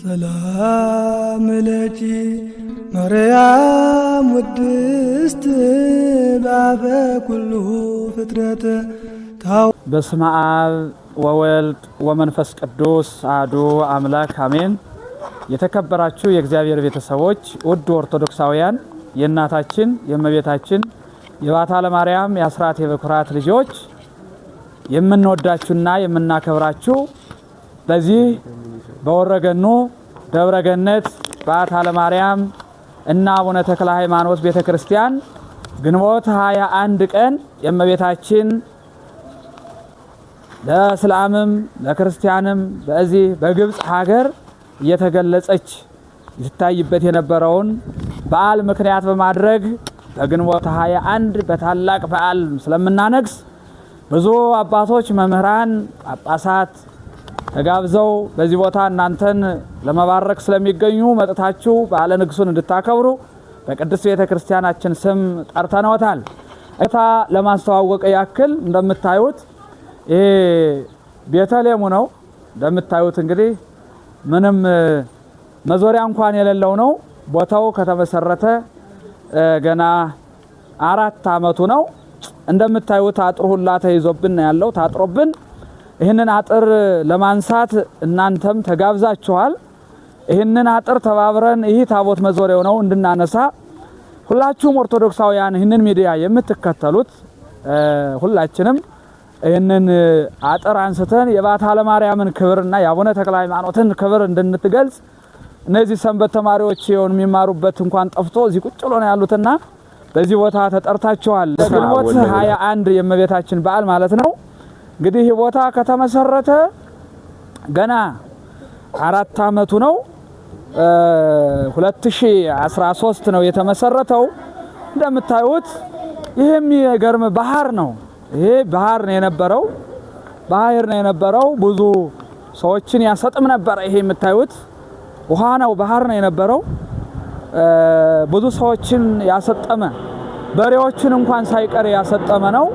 ሰላም ለኪ ማርያም ውድስት ባፈ ኩሉ ፍጥረት በስመ አብ ወወልድ ወመንፈስ ቅዱስ አዱ አምላክ አሜን። የተከበራችሁ የእግዚአብሔር ቤተሰቦች ውድ ኦርቶዶክሳውያን የእናታችን የእመቤታችን የባታ ለማርያም የአስራት የበኩራት ልጆች የምንወዳችሁና የምናከብራችሁ በዚህ በወረገኑ ደብረገነት በዓታ ለማርያም እና አቡነ ተክለ ሃይማኖት ቤተ ክርስቲያን ግንቦት 21 ቀን የእመቤታችን ለእስላምም ለክርስቲያንም በዚህ በግብፅ ሀገር እየተገለጸች ይታይበት የነበረውን በዓል ምክንያት በማድረግ በግንቦት 21 በታላቅ በዓል ስለምናነግስ ብዙ አባቶች፣ መምህራን፣ ጳጳሳት ተጋብዘው በዚህ ቦታ እናንተን ለመባረክ ስለሚገኙ መጥታችሁ በዓለ ንግሱን እንድታከብሩ በቅድስት ቤተ ክርስቲያናችን ስም ጠርተነዎታል። እታ ለማስተዋወቅ ያክል እንደምታዩት ይሄ ቤተልሔሙ ነው። እንደምታዩት እንግዲህ ምንም መዞሪያ እንኳን የሌለው ነው። ቦታው ከተመሰረተ ገና አራት ዓመቱ ነው። እንደምታዩት አጥሩ ሁላ ተይዞብን ያለው ታጥሮብን ይህንን አጥር ለማንሳት እናንተም ተጋብዛችኋል። ይህንን አጥር ተባብረን ይህ ታቦት መዞሪያው ነው እንድናነሳ ሁላችሁም ኦርቶዶክሳውያን ይህንን ሚዲያ የምትከተሉት ሁላችንም ይህንን አጥር አንስተን የባታ ለማርያምን ክብርና የአቡነ ተክለ ሃይማኖትን ክብር እንድንትገልጽ እነዚህ ሰንበት ተማሪዎች የሆን የሚማሩበት እንኳን ጠፍቶ እዚህ ቁጭ ብሎ ነው ያሉትና በዚህ ቦታ ተጠርታችኋል። ግንቦት 21 የእመቤታችን በዓል ማለት ነው። እንግዲህ ይህ ቦታ ከተመሰረተ ገና አራት አመቱ ነው። 2013 ነው የተመሰረተው። እንደምታዩት ይህም የገርም ባህር ነው። ይሄ ባህር ነው የነበረው ባህር ነው የነበረው። ብዙ ሰዎችን ያሰጥም ነበረ። ይሄ የምታዩት ውሃ ነው፣ ባህር ነው የነበረው። ብዙ ሰዎችን ያሰጠመ በሬዎችን እንኳን ሳይቀር ያሰጠመ ነው።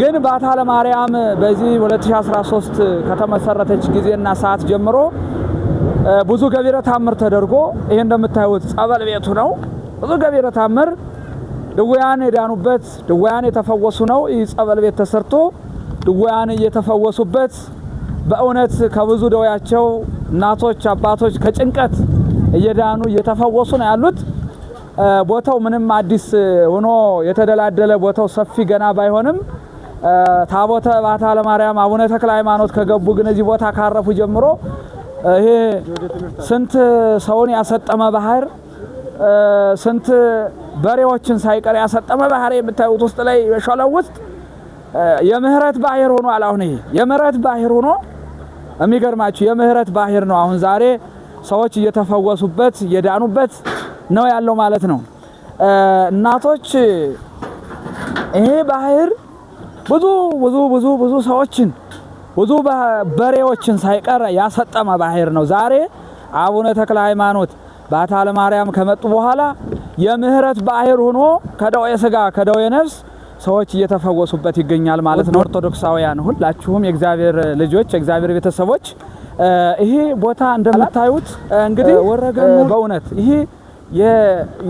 ግን በአታለ ማርያም በዚህ 2013 ከተመሰረተች ጊዜና ሰዓት ጀምሮ ብዙ ገቢረ ታምር ተደርጎ ይሄ እንደምታዩት ጸበል ቤቱ ነው። ብዙ ገቢረ ታምር ድውያን የዳኑበት ድውያን የተፈወሱ ነው። ይህ ጸበል ቤት ተሰርቶ ድውያን እየተፈወሱበት በእውነት ከብዙ ደውያቸው እናቶች፣ አባቶች ከጭንቀት እየዳኑ እየተፈወሱ ነው ያሉት። ቦታው ምንም አዲስ ሆኖ የተደላደለ ቦታው ሰፊ ገና ባይሆንም ታቦተ ባታ ለማርያም አቡነ ተክለ ሃይማኖት ከገቡ ግን እዚህ ቦታ ካረፉ ጀምሮ ይሄ ስንት ሰውን ያሰጠመ ባህር ስንት በሬዎችን ሳይቀር ያሰጠመ ባህር የምታዩት ውስጥ ላይ ሸለው ውስጥ የምህረት ባህር ሆኖ አላሁን ይሄ የምህረት ባህር ሆኖ የሚገርማችሁ የምህረት ባህር ነው። አሁን ዛሬ ሰዎች እየተፈወሱበት እየዳኑበት ነው ያለው ማለት ነው። እናቶች ይሄ ባህር ብዙ ብዙ ብዙ ብዙ ሰዎችን ብዙ በሬዎችን ሳይቀር ያሰጠመ ባህር ነው። ዛሬ አቡነ ተክለ ሃይማኖት ባታ ማርያም ከመጡ በኋላ የምህረት ባህር ሆኖ ከደዌ ስጋ ከደዌ ነፍስ ሰዎች እየተፈወሱበት ይገኛል ማለት ነው። ኦርቶዶክሳውያን ሁላችሁም የእግዚአብሔር ልጆች የእግዚአብሔር ቤተሰቦች ይሄ ቦታ እንደምታዩት እንግዲህ በእውነት ይሄ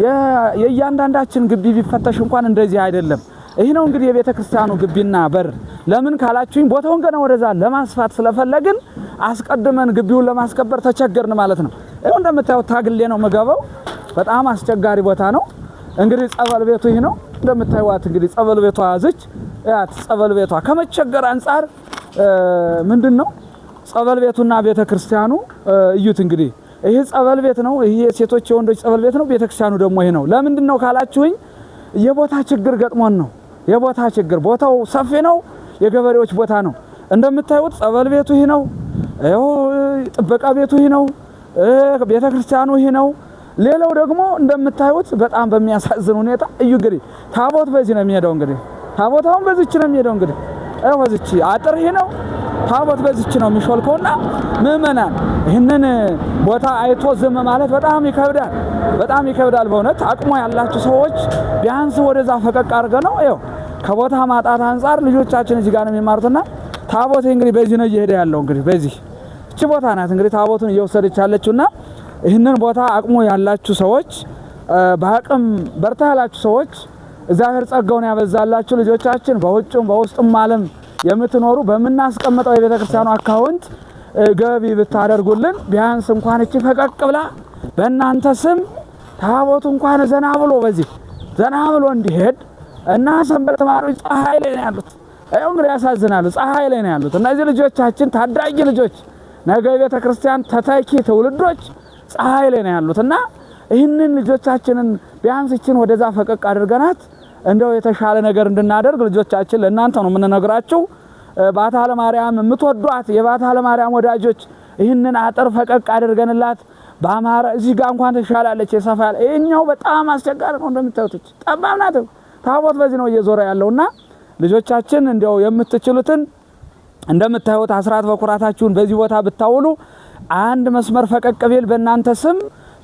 የእያንዳንዳችን ግቢ ቢፈተሽ እንኳን እንደዚህ አይደለም። ይህ ነው እንግዲህ የቤተ ክርስቲያኑ ግቢና በር። ለምን ካላችሁኝ ቦታውን ገና ወደዛ ለማስፋት ስለፈለግን አስቀድመን ግቢውን ለማስከበር ተቸገርን ማለት ነው። ይኸው እንደምታዩት ታግሌ ነው ምገባው። በጣም አስቸጋሪ ቦታ ነው። እንግዲህ ጸበል ቤቱ ይህ ነው እንደምታዩት። እንግዲህ ጸበል ቤቷ ያዘች ያት ጸበል ቤቷ ከመቸገር አንጻር ምንድን ነው ጸበል ቤቱና ቤተ ክርስቲያኑ እዩት እንግዲህ ይህ ጸበል ቤት ነው። ይህ የሴቶች የወንዶች ጸበል ቤት ነው። ቤተክርስቲያኑ ደግሞ ይሄ ነው። ለምንድን ነው ካላችሁኝ የቦታ ችግር ገጥሞን ነው። የቦታ ችግር ቦታው ሰፊ ነው። የገበሬዎች ቦታ ነው። እንደምታዩት ጸበል ቤቱ ይህ ነው። ጥበቃ ቤቱ ይህ ነው። ቤተክርስቲያኑ ይህ ነው። ሌላው ደግሞ እንደምታዩት በጣም በሚያሳዝን ሁኔታ እዩ እንግዲህ ታቦት በዚህ ነው የሚሄደው። እንግዲህ ታቦታውን በዚች ነው የሚሄደው። እንግዲህ ይኸው በዚች አጥር ይህ ነው። ታቦት በዚች ነው የሚሾልከውና ምእመናን ይህንን ቦታ አይቶ ዝም ማለት በጣም ይከብዳል፣ በጣም ይከብዳል። በእውነት አቅሞ ያላችሁ ሰዎች ቢያንስ ወደዛ ፈቀቅ አድርገ ነው ው ከቦታ ማጣት አንጻር ልጆቻችን እዚህ ጋር ነው የሚማሩትና ታቦት እንግዲህ በዚህ ነው እየሄደ ያለው። እንግዲህ በዚህ እቺ ቦታ ናት እንግዲህ ታቦቱን እየወሰደች ያለችውና ይህንን ቦታ አቅሙ ያላችሁ ሰዎች በአቅም በርታ ያላችሁ ሰዎች እግዚአብሔር ጸጋውን ያበዛላችሁ ልጆቻችን በውጭም በውስጥም ዓለም የምትኖሩ በምናስቀምጠው የቤተክርስቲያኑ አካውንት ገቢ ብታደርጉልን ቢያንስ እንኳን እቺ ፈቀቅ ብላ በእናንተ ስም ታቦቱ እንኳን ዘና ብሎ በዚህ ዘና ብሎ እንዲሄድ እና ሰንበት ተማሪዎች ፀሐይ ላይ ነው ያሉት። ይኸው እንግዲህ ያሳዝናሉ። ፀሐይ ላይ ነው ያሉት እነዚህ ልጆቻችን፣ ታዳጊ ልጆች፣ ነገ የቤተ ክርስቲያን ተተኪ ትውልዶች ፀሐይ ላይ ነው ያሉት እና ይህንን ልጆቻችንን ቢያንስችን ወደዛ ፈቀቅ አድርገናት እንደው የተሻለ ነገር እንድናደርግ ልጆቻችን ለእናንተ ነው የምንነግራችሁ። ባታለ ማርያም የምትወዷት የባታለ ማርያም ወዳጆች ይህንን አጥር ፈቀቅ አድርገንላት በአማረ እዚህ ጋር እንኳን ትሻላለች። የሰፋ ያለ ይህኛው በጣም አስቸጋሪ ነው። እንደምታዩት ጠባብ ናት። ታቦት በዚህ ነው እየዞረ ያለውና ልጆቻችን እንዲያው የምትችሉትን እንደምታዩት አስራት በኩራታችሁን በዚህ ቦታ ብታውሉ አንድ መስመር ፈቀቅ ቢል በእናንተ ስም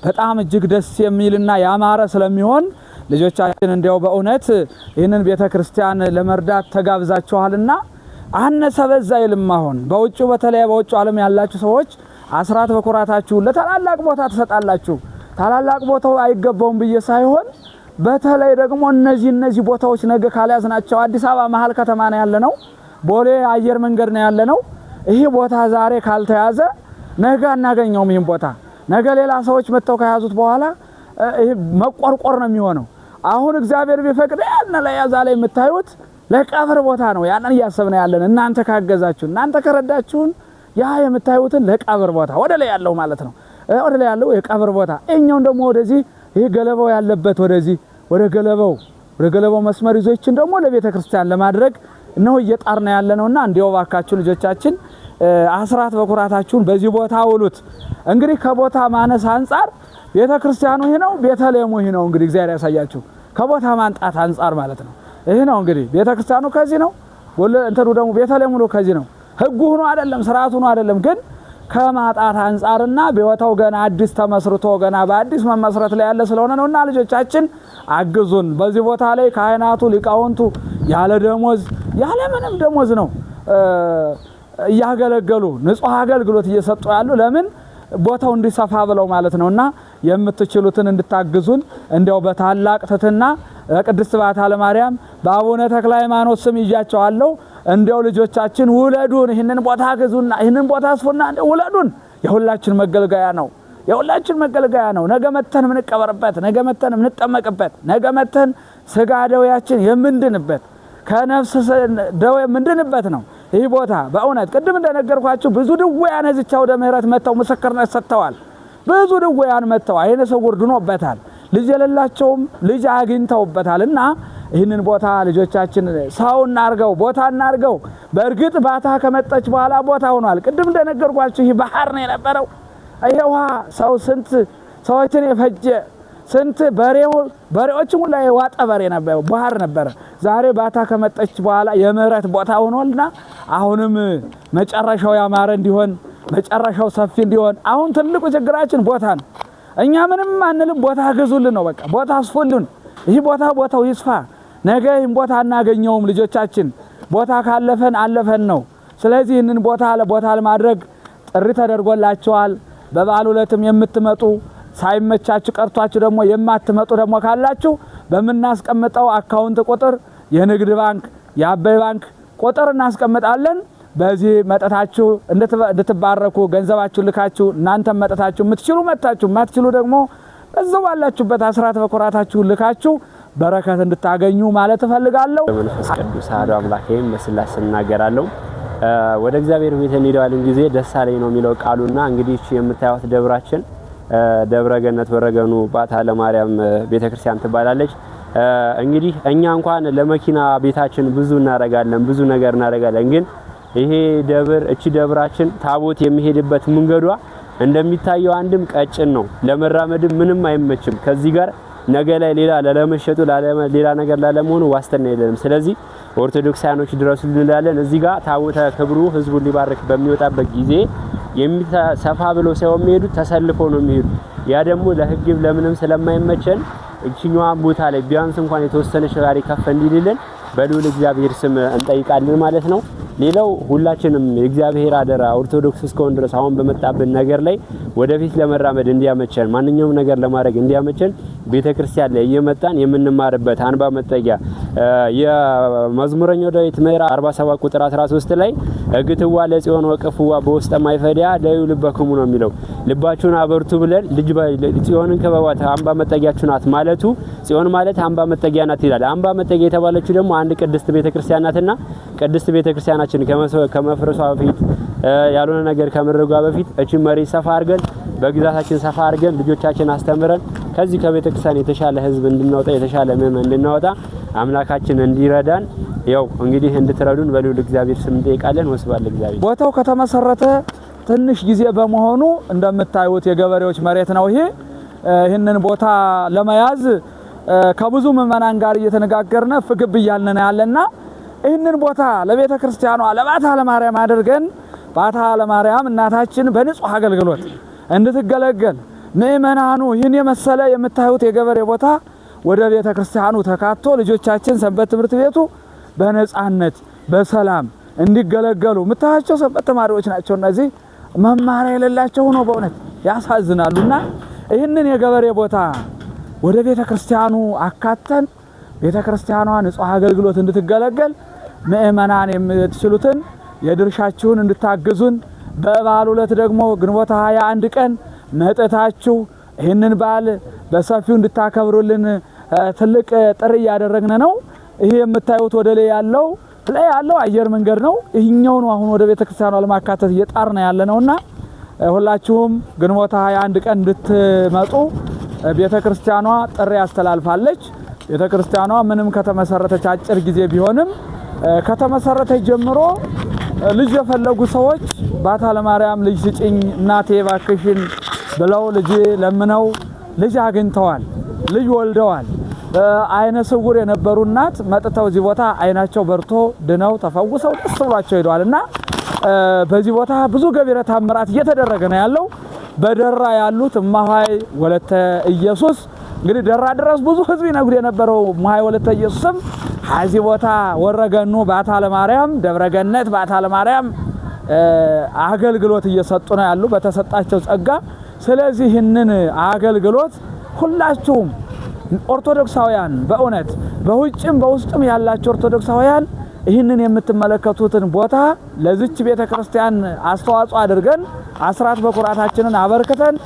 በጣም እጅግ ደስ የሚልና ያማረ ስለሚሆን ልጆቻችን እንዲያው በእውነት ይህንን ቤተ ክርስቲያን ለመርዳት ተጋብዛችኋልና አነሰ በዛ ይልም አሁን በውጭ በተለይ በውጭ ዓለም ያላችሁ ሰዎች አስራት በኩራታችሁ ለታላላቅ ቦታ ትሰጣላችሁ። ታላላቅ ቦታው አይገባውም ብዬ ሳይሆን በተለይ ደግሞ እነዚህ እነዚህ ቦታዎች ነገ ካልያዝ ናቸው አዲስ አበባ መሀል ከተማ ነው ነው፣ ቦሌ አየር መንገድ ነው ያለ ነው። ይህ ቦታ ዛሬ ካልተያዘ ነገ አናገኘውም። ይህም ቦታ ነገ ሌላ ሰዎች መጥተው ከያዙት በኋላ መቆርቆር ነው የሚሆነው። አሁን እግዚአብሔር ቢፈቅድ ያን ላይ ያዛ ላይ የምታዩት ለቀብር ቦታ ነው። ያንን እያሰብን ያለን እናንተ ካገዛችሁ፣ እናንተ ከረዳችሁን ያ የምታዩትን ለቀብር ቦታ ወደ ላይ ያለው ማለት ነው። ወደ ላይ ያለው የቀብር ቦታ እኛውን ደግሞ ወደዚህ ይህ ገለባው ያለበት ወደዚህ ወደ ገለባው ወደ ገለባው መስመር ይዞ ይችን ደግሞ ለቤተ ክርስቲያን ለማድረግ ነው እየጣርና ያለ ነውና እንዲያው ባካችሁ ልጆቻችን አስራት በኩራታችሁን በዚህ ቦታ ውሉት። እንግዲህ ከቦታ ማነስ አንጻር ቤተ ክርስቲያኑ ይህ ነው፣ ቤተልሔሙ ይህ ነው። እንግዲህ እግዚአብሔር ያሳያችሁ ከቦታ ማንጣት አንጻር ማለት ነው። ይህ ነው እንግዲህ ቤተ ክርስቲያኑ ከዚህ ነው፣ እንትኑ ደግሞ ቤተልሔሙ ነው ከዚህ ነው። ህጉ ሆኖ አይደለም፣ ስርዓቱ ሆኖ አይደለም ግን ከማጣት አንጻርና ቦታው ገና አዲስ ተመስርቶ ገና በአዲስ መመስረት ላይ ያለ ስለሆነ ነውና ልጆቻችን አግዙን። በዚህ ቦታ ላይ ካህናቱ፣ ሊቃውንቱ ያለ ደሞዝ ያለ ምንም ደሞዝ ነው እያገለገሉ ንጹህ አገልግሎት እየሰጡ ያሉ ለምን ቦታው እንዲሰፋ ብለው ማለት ነውና የምትችሉትን እንድታግዙን እንዲያው በታላቅ ትትና ቅድስት ባታ ለማርያም በአቡነ ተክለ ሃይማኖት ስም ይዣቸዋለሁ። እንዲያው ልጆቻችን ውለዱን፣ ይህንን ቦታ ግዙና ይህንን ቦታ ስፉና ውለዱን። የሁላችን መገልገያ ነው። የሁላችን መገልገያ ነው። ነገ መተን የምንቀበርበት፣ ነገ መተን የምንጠመቅበት፣ ነገ መተን ስጋ ደውያችን የምንድንበት ከነፍስ ደዌ የምንድንበት ነው። ይህ ቦታ በእውነት ቅድም እንደነገርኳችሁ ብዙ ድውያን እዚቻ ወደ ምህረት መጥተው ምስክርነት ሰጥተዋል። ብዙ ድውያን መጥተው አይነ ስውር ድኖበታል። ልጅ የሌላቸውም ልጅ አግኝተውበታል። እና ይህንን ቦታ ልጆቻችን ሰው እናርገው፣ ቦታ እናርገው። በእርግጥ ባታ ከመጠች በኋላ ቦታ ሆኗል። ቅድም እንደነገርኳችሁ ይህ ባህር ነው የነበረው። ይሄ ውሃ ሰው ስንት ሰዎችን የፈጀ ስንት በሬው በሬዎችን ሁላ የዋጠ በሬ ነበ ባህር ነበረ። ዛሬ ባታ ከመጠች በኋላ የምህረት ቦታ ሆኗልና አሁንም መጨረሻው ያማረ እንዲሆን መጨረሻው ሰፊ እንዲሆን። አሁን ትልቁ ችግራችን ቦታ ነው። እኛ ምንም አንልም፣ ቦታ ግዙልን ነው በቃ። ቦታ አስፉልን። ይህ ቦታ ቦታው ይስፋ። ነገ ይህን ቦታ አናገኘውም ልጆቻችን። ቦታ ካለፈን አለፈን ነው። ስለዚህ ይህንን ቦታ ቦታ ለማድረግ ጥሪ ተደርጎላቸዋል። በበዓል ዕለትም የምትመጡ ሳይመቻችሁ ቀርቷችሁ ደግሞ የማትመጡ ደግሞ ካላችሁ በምናስቀምጠው አካውንት ቁጥር የንግድ ባንክ፣ የአባይ ባንክ ቁጥር እናስቀምጣለን። በዚህ መጠታችሁ እንድትባረኩ ገንዘባችሁ ልካችሁ እናንተም መጠታችሁ የምትችሉ መጥታችሁ የማትችሉ ደግሞ በዛው ባላችሁበት አስራት በኩራታችሁ ልካችሁ በረከት እንድታገኙ ማለት እፈልጋለሁ። መንፈስ ቅዱስ አሐዱ አምላክ ይህም በስላሴ እናገራለሁ። ወደ እግዚአብሔር ቤት እንሄደዋለን ጊዜ ደስ አለኝ ነው የሚለው ቃሉና እንግዲህ የምታዩት ደብራችን ደብረገነት በረገኑ ባታ ለማርያም ቤተክርስቲያን ትባላለች። እንግዲህ እኛ እንኳን ለመኪና ቤታችን ብዙ እናረጋለን፣ ብዙ ነገር እናረጋለን። ግን ይሄ ደብር እቺ ደብራችን ታቦት የሚሄድበት መንገዷ እንደሚታየው አንድም ቀጭን ነው፣ ለመራመድም ምንም አይመችም። ከዚህ ጋር ነገ ላይ ሌላ ላለመሸጡ ሌላ ነገር ላለመሆኑ ዋስትና የለንም። ስለዚህ ኦርቶዶክሳውያኖች ድረሱ እንላለን። እዚህ ጋር ታቦተ ክብሩ ህዝቡን ሊባርክ በሚወጣበት ጊዜ ሰፋ ብሎ ሳይሆን የሚሄዱት ተሰልፎ ነው የሚሄዱት። ያ ደግሞ ለህግ ለምንም ስለማይመቸን እችኛዋ ቦታ ላይ ቢያንስ እንኳን የተወሰነ ሽራሪ ከፍ እንዲልልን በልዑል እግዚአብሔር ስም እንጠይቃለን ማለት ነው። ሌላው ሁላችንም የእግዚአብሔር አደራ ኦርቶዶክስ እስከሆን ድረስ አሁን በመጣብን ነገር ላይ ወደፊት ለመራመድ እንዲያመቸን ማንኛውም ነገር ለማድረግ እንዲያመቸን ቤተክርስቲያን ላይ እየመጣን የምንማርበት አንባ መጠጊያ የመዝሙረኛው ዳዊት ምዕራፍ 47 ቁጥር 13 ላይ እግትዋ ለጽዮን ወቅፍዋ በውስጠ ማይፈዲያ ለዩ ልበክሙ ነው የሚለው። ልባችሁን አበርቱ ብለን ልጅ ጽዮንን ከበባት አንባ መጠጊያችሁ ናት ማለቱ ጽዮን ማለት አንባ መጠጊያ ናት ይላል። አንባ መጠጊያ የተባለችው ደግሞ አንድ ቅድስት ቤተክርስቲያን ናትና ቅድስት ቤተክርስቲያናችን ከመፍረሷ በፊት ያልሆነ ነገር ከመድረጓ በፊት እቺ መሬት ሰፋ አድርገን በግዛታችን ሰፋ አድርገን ልጆቻችን አስተምረን ከዚህ ከቤተክርስቲያን የተሻለ ህዝብ እንድናወጣ የተሻለ ምእመን እንድናወጣ አምላካችን እንዲረዳን ያው እንግዲህ እንድትረዱን በልዑል እግዚአብሔር ስም እንጠይቃለን። ወስብሐት እግዚአብሔር ቦታው ከተመሰረተ ትንሽ ጊዜ በመሆኑ እንደምታዩት የገበሬዎች መሬት ነው። ይሄ ይህንን ቦታ ለመያዝ ከብዙ ምዕመናን ጋር እየተነጋገርነ ፍግብ እያልን ያለና ይህንን ቦታ ለቤተ ክርስቲያኗ ለባታ ለማርያም አድርገን ባታ ለማርያም እናታችን በንጹህ አገልግሎት እንድትገለገል ምእመናኑ ይህን የመሰለ የምታዩት የገበሬ ቦታ ወደ ቤተ ክርስቲያኑ ተካቶ ልጆቻችን ሰንበት ትምህርት ቤቱ በነፃነት በሰላም እንዲገለገሉ የምታያቸው ሰንበት ተማሪዎች ናቸው። እነዚህ መማሪያ የሌላቸው ሆኖ በእውነት ያሳዝናሉና ይህንን የገበሬ ቦታ ወደ ቤተ ክርስቲያኑ አካተን ቤተ ክርስቲያኗ ንጹሕ አገልግሎት እንድትገለገል ምእመናን የምትችሉትን የድርሻችሁን እንድታግዙን በበዓል ዕለት ደግሞ ግንቦት 21 ቀን መጠታችሁ ይህንን በዓል በሰፊው እንድታከብሩልን ትልቅ ጥሪ እያደረግን ነው። ይሄ የምታዩት ወደ ላይ ያለው ላይ ያለው አየር መንገድ ነው። ይህኛው ነው አሁን ወደ ቤተ ክርስቲያኗ ለማካተት እየጣርን ያለ ነውና ሁላችሁም ግንቦት 21 ቀን እንድትመጡ ቤተ ክርስቲያኗ ጥሪ ያስተላልፋለች። ቤተ ክርስቲያኗ ምንም ከተመሰረተች አጭር ጊዜ ቢሆንም ከተመሰረተች ጀምሮ ልጅ የፈለጉ ሰዎች ባታ ለማርያም ልጅ ስጭኝ እናቴ ባክሽን ብለው ልጅ ለምነው ልጅ አግኝተዋል፣ ልጅ ወልደዋል። አይነ ስውር የነበሩ እናት መጥተው እዚህ ቦታ አይናቸው በርቶ ድነው ተፈውሰው ደስ ብሏቸው ሄደዋል እና በዚህ ቦታ ብዙ ገቢረ ታምራት እየተደረገ ነው ያለው። በደራ ያሉት እማሆይ ወለተ ኢየሱስ እንግዲህ ደራ ድረስ ብዙ ህዝብ ይነግድ የነበረው እማሆይ ወለተ ኢየሱስም ሀዚ ቦታ ወረገኑ ባታ ለማርያም ደብረገነት ባታ ለማርያም አገልግሎት እየሰጡ ነው ያሉ በተሰጣቸው ጸጋ። ስለዚህ ይህንን አገልግሎት ሁላችሁም ኦርቶዶክሳውያን በእውነት በውጭም በውስጥም ያላችሁ ኦርቶዶክሳውያን ይህንን የምትመለከቱትን ቦታ ለዚች ቤተ ክርስቲያን አስተዋጽኦ አድርገን አስራት በኩራታችንን አበርክተን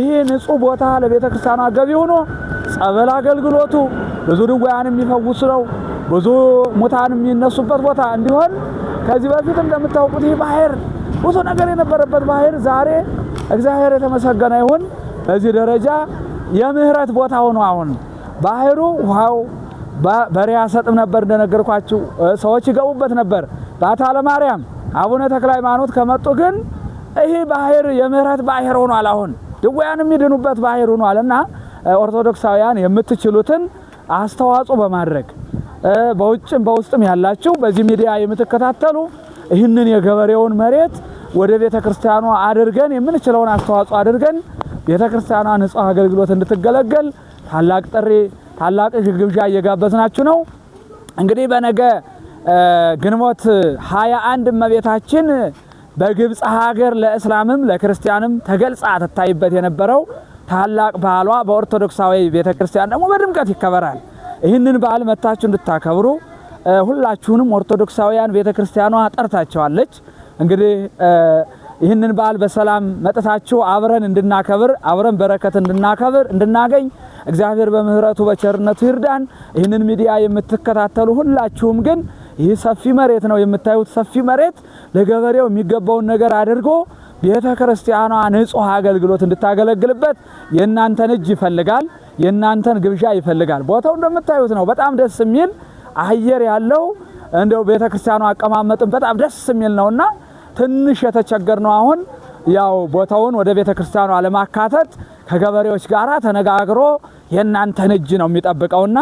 ይህ ንጹህ ቦታ ለቤተ ክርስቲያኗ ገቢ ሆኖ ጸበል አገልግሎቱ ብዙ ድውያን የሚፈውስ ነው። ብዙ ሙታን የሚነሱበት ቦታ እንዲሆን ከዚህ በፊት እንደምታውቁት ይህ ባህር ብዙ ነገር የነበረበት ባህር ዛሬ እግዚአብሔር የተመሰገነ ይሁን በዚህ ደረጃ የምህረት ቦታ ሆኖ አሁን ባህሩ ውሃው በሪያ ሰጥም ነበር እንደነገርኳችሁ ሰዎች ይገቡበት ነበር። ባታ ለማርያም አቡነ ተክለ ሃይማኖት ከመጡ ግን ይህ ባህር የምህረት ባህር ሆኗል። አሁን ድውያን የሚድኑበት ባህር ሆኗል እና ኦርቶዶክሳውያን የምትችሉትን አስተዋጽኦ በማድረግ በውጭም በውስጥም ያላችሁ በዚህ ሚዲያ የምትከታተሉ ይህንን የገበሬውን መሬት ወደ ቤተ ክርስቲያኗ አድርገን የምንችለውን አስተዋጽኦ አድርገን ቤተ ክርስቲያኗ ንጹሕ አገልግሎት እንድትገለገል ታላቅ ጥሪ፣ ታላቅ ግብዣ እየጋበዝናችሁ ነው። እንግዲህ በነገ ግንቦት 21 እመቤታችን በግብፅ ሀገር ለእስላምም ለክርስቲያንም ተገልጻ ትታይበት የነበረው ታላቅ በዓሏ በኦርቶዶክሳዊ ቤተ ክርስቲያን ደግሞ በድምቀት ይከበራል። ይህንን በዓል መታችሁ እንድታከብሩ ሁላችሁንም ኦርቶዶክሳውያን ቤተ ክርስቲያኗ ጠርታቸዋለች። እንግዲህ ይህንን በዓል በሰላም መጥታችሁ አብረን እንድናከብር አብረን በረከት እንድናከብር እንድናገኝ እግዚአብሔር በምሕረቱ በቸርነቱ ይርዳን። ይህንን ሚዲያ የምትከታተሉ ሁላችሁም ግን ይህ ሰፊ መሬት ነው የምታዩት። ሰፊ መሬት ለገበሬው የሚገባውን ነገር አድርጎ ቤተ ክርስቲያኗ ንጹሕ አገልግሎት እንድታገለግልበት የእናንተን እጅ ይፈልጋል። የእናንተን ግብዣ ይፈልጋል። ቦታው እንደምታዩት ነው። በጣም ደስ የሚል አየር ያለው እንደው ቤተ ክርስቲያኑ አቀማመጥም በጣም ደስ የሚል እና ትንሽ የተቸገር ነው አሁን ያው ቦታውን ወደ ቤተ ክርስቲያኑ አለማካተት ከገበሬዎች ጋር ተነጋግሮ የእናንተን እጅ ነው የሚጠብቀውና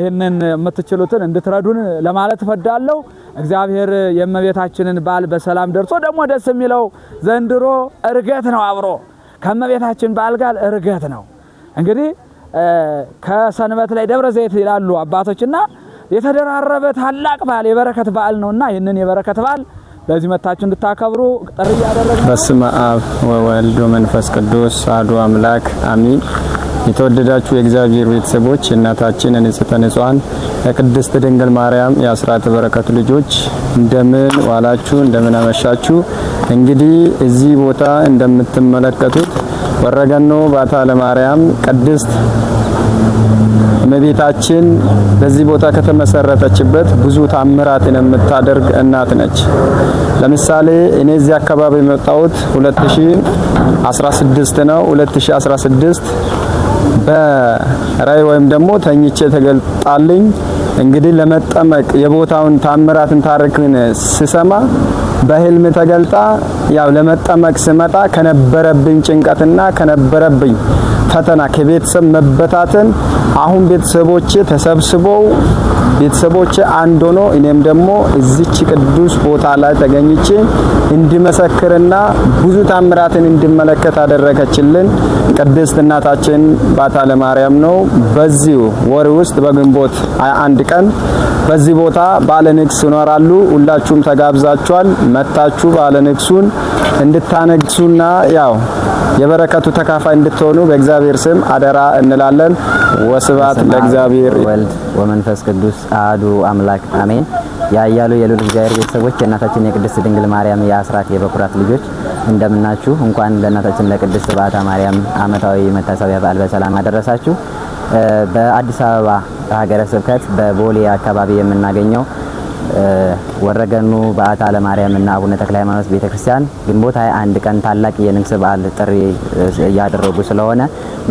ይህንን የምትችሉትን እንድትረዱን ለማለት እፈዳለሁ። እግዚአብሔር የእመቤታችንን በዓል በሰላም ደርሶ ደግሞ ደስ የሚለው ዘንድሮ እርገት ነው አብሮ ከእመቤታችን በዓል ጋር እርገት ነው እንግዲህ ከሰንበት ላይ ደብረ ዘይት ይላሉ አባቶችና የተደራረበ ታላቅ በዓል የበረከት በዓል ነውና ይህንን የበረከት በዓል በዚህ መታችሁ እንድታከብሩ ጥሪ ያደረግነው። በስመ አብ ወወልድ ወመንፈስ ቅዱስ አሐዱ አምላክ አሚን። የተወደዳችሁ የእግዚአብሔር ቤተሰቦች እናታችን የንጽሕተ ንጹሐን የቅድስት ድንግል ማርያም የአስራት በረከቱ ልጆች እንደምን ዋላችሁ? እንደምን አመሻችሁ? እንግዲህ እዚህ ቦታ እንደምትመለከቱት ወረገኖ ባታ ለማርያም ቅድስት እመቤታችን በዚህ ቦታ ከተመሰረተችበት ብዙ ታምራትን የምታደርግ እናት ነች። ለምሳሌ እኔ እዚህ አካባቢ የመጣሁት 2016 ነው። 2016 በራይ ወይም ደግሞ ተኝቼ ተገልጣልኝ። እንግዲህ ለመጠመቅ የቦታውን ታምራትን ታሪክን ስሰማ በህልም ተገልጣ ያው ለመጠመቅ ስመጣ ከነበረብኝ ጭንቀትና ከነበረብኝ ፈተና ከቤተሰብ መበታተን አሁን ቤተሰቦቼ ተሰብስበው ቤተሰቦች አንድ ሆኖ እኔም ደግሞ እዚች ቅዱስ ቦታ ላይ ተገኝቼ እንድመሰክርና ብዙ ታምራትን እንድመለከት አደረገችልን ቅድስት እናታችን ባታ ለማርያም ነው። በዚሁ ወር ውስጥ በግንቦት 21 ቀን በዚህ ቦታ ባለ ንግስ ይኖራሉ። ሁላችሁም ተጋብዛችኋል። መታችሁ ባለ ንግሱን እንድታነግሱና ያው የበረከቱ ተካፋይ እንድትሆኑ በእግዚአብሔር ስም አደራ እንላለን። ወስባት ለእግዚአብሔር ወልድ ወመንፈስ ቅዱስ አሐዱ አምላክ አሜን። ያያሉ የሉል እግዚአብሔር ቤተሰቦች የእናታችን የቅድስት ድንግል ማርያም የአስራት የበኩራት ልጆች እንደምናችሁ። እንኳን ለእናታችን ለቅድስት በዓታ ማርያም ዓመታዊ መታሰቢያ በዓል በሰላም አደረሳችሁ። በአዲስ አበባ ሀገረ ስብከት በቦሌ አካባቢ የምናገኘው ወረገኑ በዓታ እና አቡነ ተክለ ሃይማኖት ቤተክርስቲያን ግንቦት 21 ቀን ታላቅ የንግስ በዓል ጥሪ እያደረጉ ስለሆነ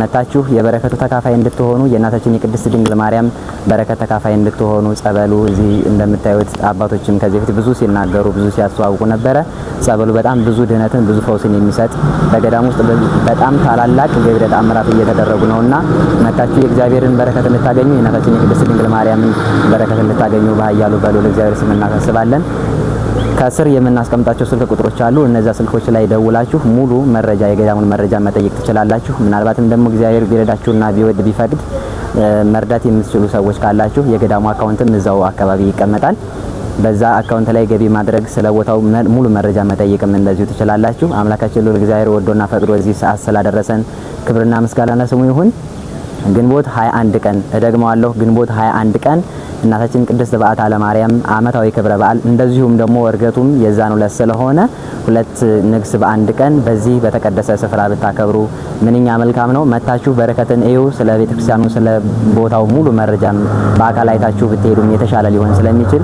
መታችሁ የበረከቱ ተካፋይ እንድትሆኑ የእናታችን የቅድስት ድንግል ማርያም በረከት ተካፋይ እንድትሆኑ ጸበሉ እዚህ እንደምታዩት አባቶችም ከዚህ በፊት ብዙ ሲናገሩ ብዙ ሲያስተዋውቁ ነበረ። ጸበሉ በጣም ብዙ ድህነትን ብዙ ፈውስን የሚሰጥ በገዳም ውስጥ በጣም ታላላቅ ገቢረ ተአምራት እየተደረጉ ነውና መታችሁ የእግዚአብሔርን በረከት እንድታገኙ የእናታችን የቅድስት ድንግል ማርያምን በረከት እንድታገኙ ባህያሉ በሉ በእግዚአብሔር ስም እናሳስባለን። ከስር የምናስቀምጣቸው ስልክ ቁጥሮች አሉ። እነዚያ ስልኮች ላይ ደውላችሁ ሙሉ መረጃ የገዳሙን መረጃ መጠየቅ ትችላላችሁ። ምናልባትም ደግሞ እግዚአብሔር ቢረዳችሁና ቢወድ ቢፈቅድ መርዳት የምትችሉ ሰዎች ካላችሁ የገዳሙ አካውንትም እዛው አካባቢ ይቀመጣል። በዛ አካውንት ላይ ገቢ ማድረግ ስለ ቦታው ሙሉ መረጃ መጠየቅም እንደዚሁ ትችላላችሁ። አምላካችን ልዑል እግዚአብሔር ወዶና ፈቅዶ እዚህ ሰዓት ስላደረሰን ክብርና ምስጋና ለስሙ ይሁን። ግንቦት 21 ቀን እደግመዋለሁ፣ ግንቦት 21 ቀን እናታችን ቅድስት በዓታ ለማርያም አመታዊ ክብረ በዓል እንደዚሁም ደግሞ እርገቱም የዛን ዕለት ስለሆነ ሁለት ንግስ በአንድ ቀን በዚህ በተቀደሰ ስፍራ ብታከብሩ ምንኛ መልካም ነው። መታችሁ በረከትን እዩ። ስለ ቤተክርስቲያኑ ስለ ቦታው ሙሉ መረጃም በአካል አይታችሁ ብትሄዱም የተሻለ ሊሆን ስለሚችል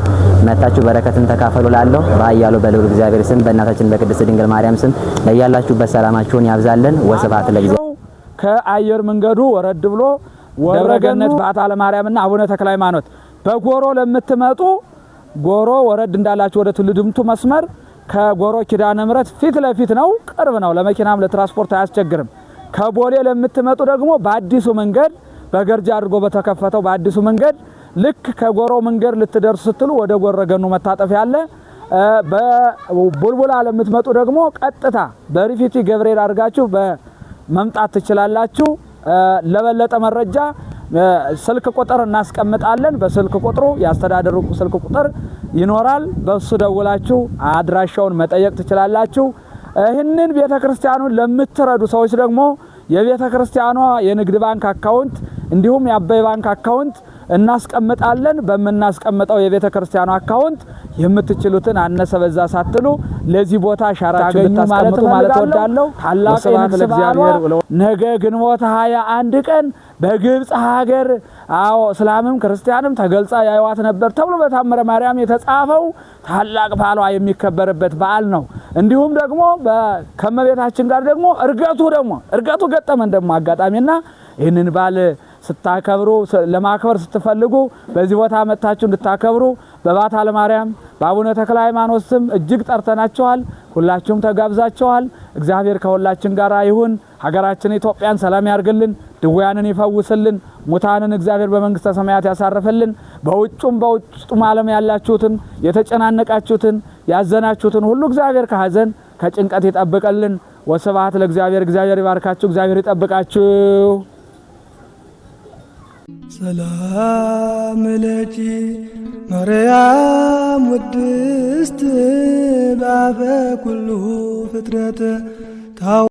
መታችሁ በረከትን ተካፈሉ። ላለሁ በአያሉ በልዑል እግዚአብሔር ስም በእናታችን በቅድስት ድንግል ማርያም ስም በያላችሁበት ሰላማችሁን ያብዛለን። ወስብሐት ለእግዚአብሔር። ከአየር መንገዱ ወረድ ብሎ ደብረ ገነት በዓታ ለማርያምና አቡነ ተክለ ሃይማኖት በጎሮ ለምትመጡ ጎሮ ወረድ እንዳላችሁ ወደ ትልድምቱ መስመር ከጎሮ ኪዳነ ምሕረት ፊት ለፊት ነው፣ ቅርብ ነው። ለመኪናም ለትራንስፖርት አያስቸግርም። ከቦሌ ለምትመጡ ደግሞ በአዲሱ መንገድ በገርጃ አድርጎ በተከፈተው በአዲሱ መንገድ ልክ ከጎሮ መንገድ ልትደርሱ ስትሉ ወደ ጎረገኑ መታጠፊያ አለ። በቡልቡላ ለምትመጡ ደግሞ ቀጥታ በሪፊቲ ገብርኤል አድርጋችሁ መምጣት ትችላላችሁ። ለበለጠ መረጃ ስልክ ቁጥር እናስቀምጣለን። በስልክ ቁጥሩ የአስተዳደሩ ስልክ ቁጥር ይኖራል። በሱ ደውላችሁ አድራሻውን መጠየቅ ትችላላችሁ። ይህንን ቤተ ክርስቲያኑን ለምትረዱ ሰዎች ደግሞ የቤተ ክርስቲያኗ የንግድ ባንክ አካውንት እንዲሁም የአባይ ባንክ አካውንት እናስቀምጣለን። በምናስቀምጠው የቤተ ክርስቲያኑ አካውንት የምትችሉትን አነሰ በዛ ሳትሉ ለዚህ ቦታ ሻራችሁ ልታስቀምጡ ማለት ወዳለው ታላቅ ለእግዚአብሔር። ነገ ግንቦት ሀያ አንድ ቀን በግብፅ ሀገር አዎ እስላምም ክርስቲያንም ተገልጻ ያይዋት ነበር ተብሎ በታምረ ማርያም የተጻፈው ታላቅ በዓሏ የሚከበርበት በዓል ነው። እንዲሁም ደግሞ ከመቤታችን ጋር ደግሞ እርገቱ ደግሞ እርገቱ ገጠመን ደግሞ አጋጣሚና ይህንን በዓል ስታከብሩ ለማክበር ስትፈልጉ በዚህ ቦታ መጥታችሁ እንድታከብሩ በባታ ለማርያም በአቡነ ተክለ ሃይማኖት ስም እጅግ ጠርተናችኋል። ሁላችሁም ተጋብዛችኋል። እግዚአብሔር ከሁላችን ጋር ይሁን። ሀገራችን ኢትዮጵያን ሰላም ያርግልን፣ ድውያንን ይፈውስልን፣ ሙታንን እግዚአብሔር በመንግስተ ሰማያት ያሳርፍልን። በውጩም በውጭም ዓለም ያላችሁትን የተጨናነቃችሁትን፣ ያዘናችሁትን ሁሉ እግዚአብሔር ከሀዘን ከጭንቀት ይጠብቅልን። ወስብሐት ለእግዚአብሔር። እግዚአብሔር ይባርካችሁ፣ እግዚአብሔር ይጠብቃችሁ። ሰላም ለኪ ማርያም ውድስት ባፈ ኩሉ ፍጥረት